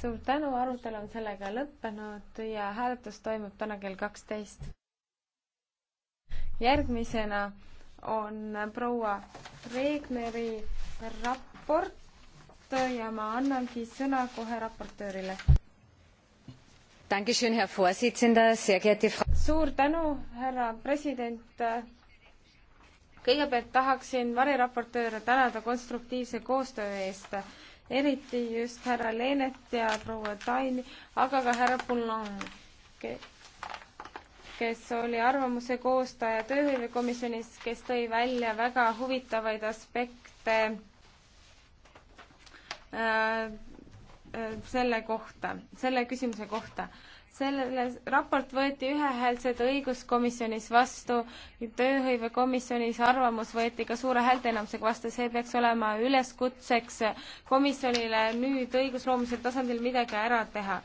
suur tänu, arutelu on sellega lõppenud ja hääletus toimub täna kell kaksteist. järgmisena on proua Regneri raport ja ma annangi sõna kohe raportöörile. suur tänu, härra president kõigepealt tahaksin variraportööre tänada konstruktiivse koostöö eest eriti just härra Leenet ja proua Taini, aga ka härra Poulan, kes oli arvamuse koostaja tööhõivekomisjonis, kes tõi välja väga huvitavaid aspekte äh, äh selle kohta, selle küsimuse kohta selle raport võeti ühehäälselt õiguskomisjonis vastu, tööhõivekomisjonis arvamus võeti ka suure häälteenamusega vastu, see peaks olema üleskutseks komisjonile nüüd õigusloomisel tasandil midagi ära teha.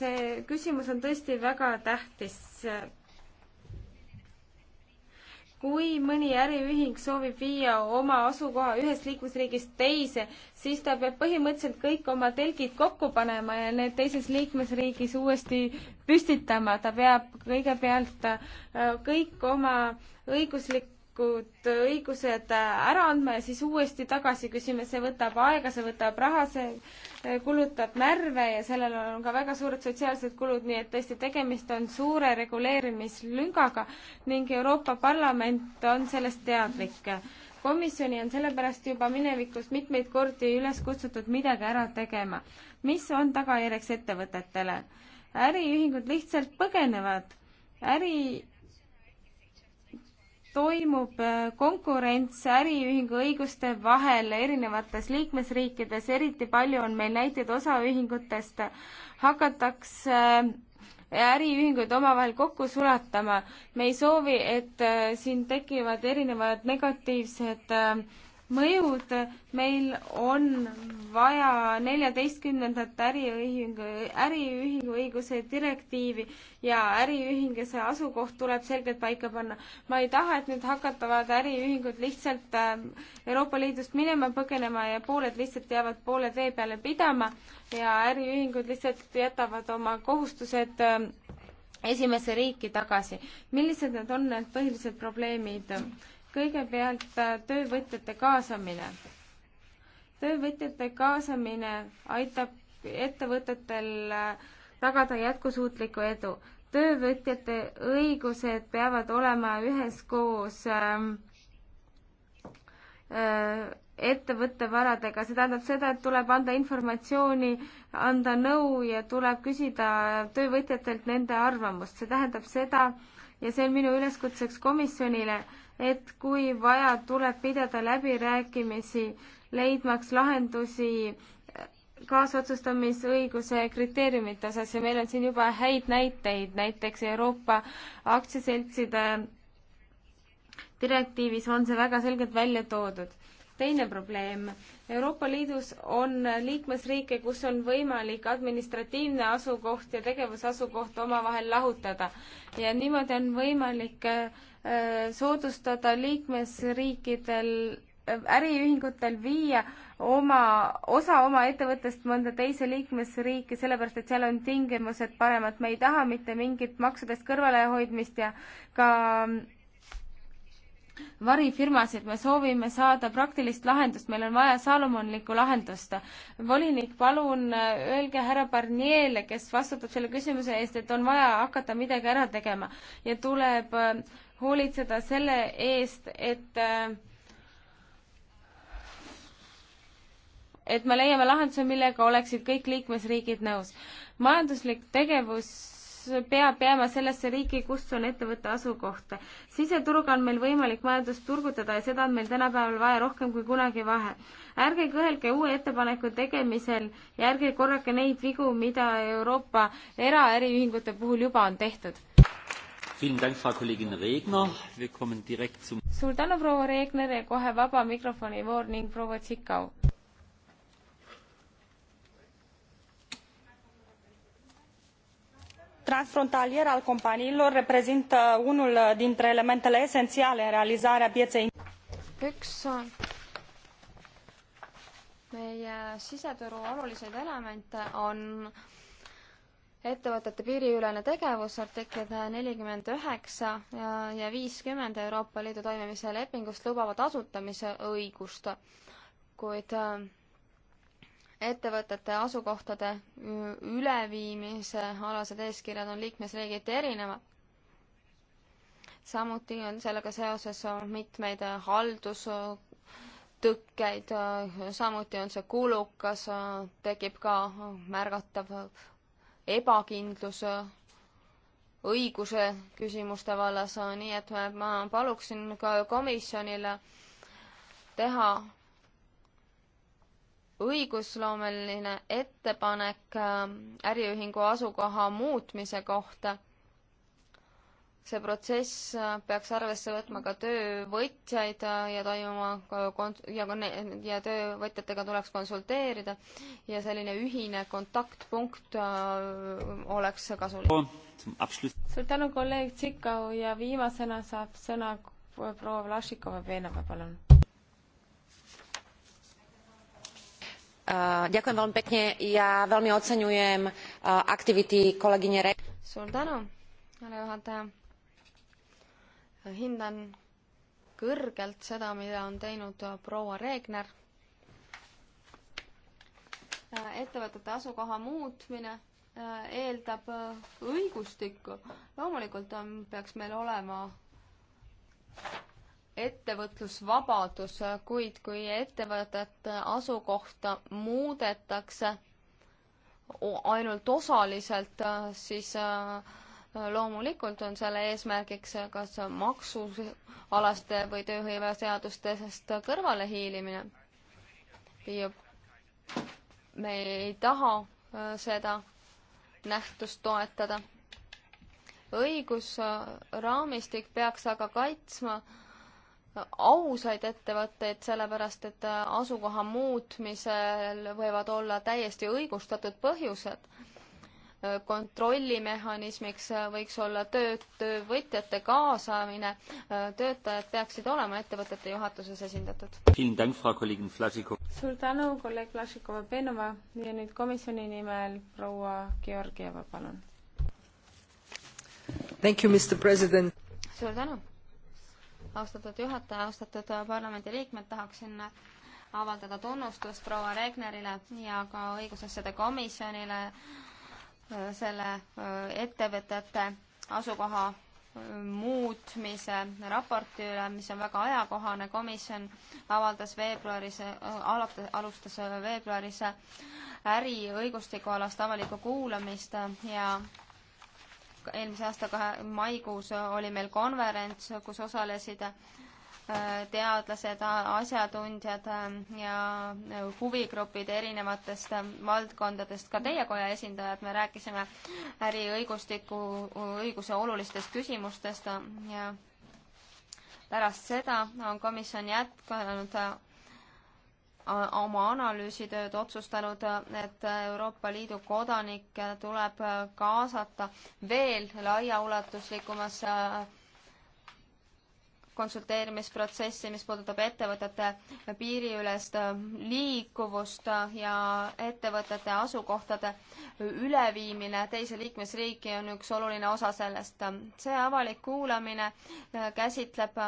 see küsimus on tõesti väga tähtis kui mõni äriühing soovib viia oma asukoha ühest liikmesriigist teise, siis ta peab põhimõtteliselt kõik oma telgid kokku panema ja need teises liikmesriigis uuesti püstitama, ta peab kõigepealt äh, kõik oma õiguslik isikud õigused ära andma ja siis uuesti tagasi küsima, see võtab aega, see võtab raha, see eh, kulutab närve ja sellel on ka väga suured sotsiaalsed kulud, nii et tõesti tegemist on suure reguleerimislüngaga ning Euroopa Parlament on sellest teadlik. komisjoni on sellepärast juba minevikus mitmeid kordi üles kutsutud midagi ära tegema. mis on tagajärjeks ettevõtetele? äriühingud lihtsalt põgenevad äri toimub äh, konkurents äriühingu õiguste vahel erinevates liikmesriikides, eriti palju on meil näiteid osaühingutest, hakatakse äh, äriühinguid omavahel kokku sulatama. me ei soovi, et äh, siin tekivad erinevad negatiivsed mõjud. meil on vaja neljateistkümnendat äriühingu, äriühingu õiguse direktiivi ja äriühingu see asukoht tuleb selgelt paika panna. ma ei taha, et nüüd hakatavad äriühingud lihtsalt äh, Euroopa Liidust minema põgenema ja pooled lihtsalt jäävad pooled vee peale pidama ja äriühingud lihtsalt jätavad oma kohustused äh, esimesse riiki tagasi. millised need on need põhilised probleemid? kõigepealt äh, töövõtjate kaasamine. töövõtjate kaasamine aitab ettevõtetel äh, tagada jätkusuutlikku edu. töövõtjate õigused peavad olema üheskoos ähm, äh, ettevõtte varadega, see tähendab seda, et tuleb anda informatsiooni, anda nõu ja tuleb küsida töövõtjatelt nende arvamust, see tähendab seda ja see on minu üleskutseks komisjonile, et kui vaja, tuleb pidada läbirääkimisi, leidmaks lahendusi äh, kaasotsustamisõiguse kriteeriumite osas ja meil on siin juba häid näiteid, näiteks Euroopa aktsiaseltside direktiivis on see väga selgelt välja toodud teine probleem. Euroopa Liidus on liikmesriike, kus on võimalik administratiivne asukoht ja tegevusasukoht omavahel lahutada ja niimoodi on võimalik äh, soodustada liikmesriikidel äh, äriühingutel viia oma, osa oma ettevõttest mõnda teise liikmesriiki, sellepärast et seal on tingimused paremad, me ei taha mitte mingit maksudest kõrvalehoidmist ja ka varifirmasid, me soovime saada praktilist lahendust, meil on vaja saalomonlikku lahendust. volinik, palun äh, öelge härra Barnierile, kes vastutab selle küsimuse eest, et on vaja hakata midagi ära tegema ja tuleb äh, hoolitseda selle eest, et äh, et me leiame lahenduse, millega oleksid kõik liikmesriigid nõus. majanduslik tegevus peab jääma sellesse riiki, kus on ettevõtte asukoht. siseturuga on meil võimalik majandust turgutada ja seda on meil tänapäeval vaja rohkem kui kunagi vahe. ärge kõhelge uue ettepaneku tegemisel ja ärge korrake neid vigu, mida Euroopa eraäriühingute puhul juba on tehtud. suur tänu, proua Regner ja kohe vaba mikrofoni voor ning proua Tsikau transfrontalier al companiilor reprezintă unul dintre elementele eseniale în realizarea pieei üks meie siseturu oluliseid elemente on ettevõtete piiriülene tegevus, artiklid nelikümmend üheksa ja viiskümmend Euroopa Liidu toimimise lepingust lubavad asutamise õigust, kuid äh, ettevõtete asukohtade üleviimise alased eeskirjad on liikmesriigiti erinevad. samuti on sellega seoses mitmeid haldustõkkeid, samuti on see kulukas, tekib ka märgatav ebakindlus õiguse küsimuste vallas, nii et ma paluksin ka komisjonile teha õigusloomeline ettepanek äh, äriühingu asukoha muutmise kohta. see protsess äh, peaks arvesse võtma ka töövõtjaid äh, ja toimuma ja, ja töövõtjatega tuleks konsulteerida ja selline ühine kontaktpunkt oleks kasulik. suur tänu, kolleeg Tsikau ja viimasena saab sõna proua Vlašikova-Peenova, palun Eh, ďakujem veľmi pekne. Ja veľmi oceňujem eh, aktivity kolegyne Re. Suur tänu, härra juhataja. hindan kõrgelt seda, mida on teinud eh, proua Reegner. ettevõtete asukoha muutmine eeldab õigustikku. loomulikult on, peaks meil olema ettevõtlusvabadus, kuid kui ettevõtete asukohta muudetakse ainult osaliselt, siis äh, loomulikult on selle eesmärgiks kas maksualaste või tööhõiveseadustest kõrvalehiilimine. me ei taha äh, seda nähtust toetada. õigusraamistik peaks aga kaitsma äh, ausaid ettevõtteid, sellepärast et asukoha muutmisel võivad olla täiesti õigustatud põhjused. kontrollimehhanismiks võiks olla töö, töövõtjate kaasamine, töötajad peaksid olema ettevõtete juhatuses esindatud. suur tänu, kolleeg Vlašikova-Penova ja nüüd komisjoni nimel proua Georgieva, palun. suur tänu austatud juhataja, austatud parlamendiliikmed, tahaksin avaldada tunnustust proua Regnerile ja ka õigusasjade komisjonile äh, selle äh, ettevõtete asukoha äh, muutmise raporti üle, mis on väga ajakohane. komisjon avaldas veebruaris, alustas veebruaris äriõigustikualast avalikku kuulamist ja eelmise aasta kahe, maikuus oli meil konverents, kus osalesid äh, teadlased, asjatundjad äh, ja äh, huvigrupid erinevatest valdkondadest, ka teie koja esindajad, me rääkisime äriõigustiku, õiguse olulistest küsimustest ja pärast seda on komisjon jätkanud oma analüüsitööd otsustanud, et Euroopa Liidu kodanikke tuleb kaasata veel laiaulatuslikumasse äh, konsulteerimisprotsessi, mis puudutab ettevõtete piiriülest äh, liikuvust äh, ja ettevõtete asukohtade üleviimine teise liikmesriiki on üks oluline osa sellest. see avalik kuulamine käsitleb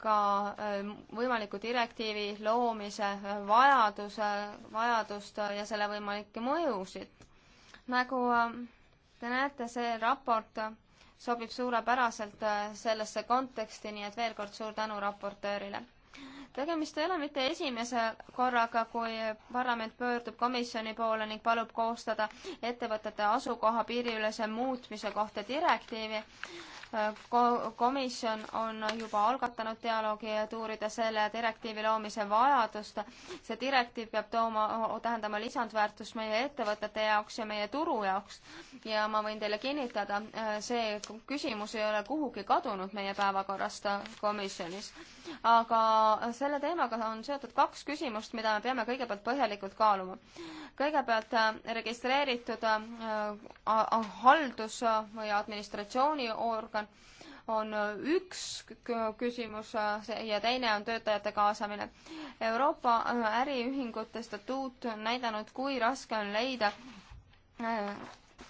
ka äh, võimaliku direktiivi loomise äh, vajaduse, vajadust ja selle võimalikke mõjusid. nagu äh, te näete, see raport sobib suurepäraselt sellesse konteksti, nii et veel kord suur tänu raportöörile tegemist ei ole mitte esimese korraga, kui parlament pöördub komisjoni poole ning palub koostada ettevõtete asukoha piiriülese muutmise kohta direktiivi Ko. komisjon on juba algatanud dialoogi, et uurida selle direktiivi loomise vajadust. see direktiiv peab tooma, tähendama lisandväärtust meie ettevõtete jaoks ja meie turu jaoks. ja ma võin teile kinnitada, see küsimus ei ole kuhugi kadunud meie päevakorrast komisjonis. aga see selle teemaga on seotud kaks küsimust, mida me peame kõigepealt põhjalikult kaaluma. kõigepealt äh, registreeritud äh, haldus- või administratsiooniorgan on äh, üks küsimus ja teine on töötajate kaasamine. Euroopa äriühingute statuut on näidanud, kui raske on leida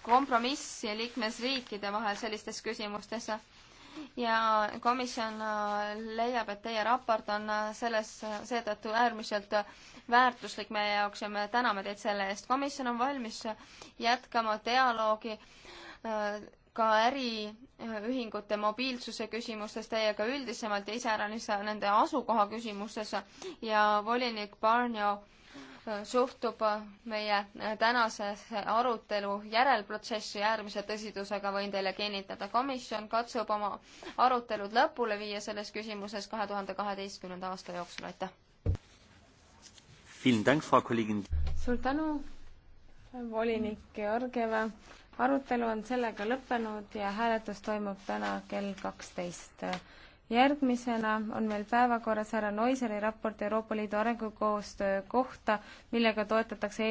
kompromissi liikmesriikide vahel sellistes küsimustes ja komisjon äh, leiab, et teie raport on äh, selles, äh, seetõttu äärmiselt väärtuslik meie jaoks ja me täname teid selle eest. komisjon on valmis jätkama dialoogi ka äriühingute mobiilsuse küsimustes teiega üldisemalt ja iseäranis nende asukoha küsimuses ja volinik Barnio suhtub äh, meie äh, tänase äh, arutelu järelprotsessi äärmise tõsidusega, võin teile kinnitada. komisjon katsub oma arutelud lõpule viia selles küsimuses kahe tuhande kaheteistkümnenda aasta jooksul, aitäh! suur tänu, volinik Georgieva. arutelu on sellega lõppenud ja hääletus toimub täna kell kaksteist järgmisena on meil päevakorras härra Noiseri raport Euroopa Liidu arengukoostöö kohta, millega toetatakse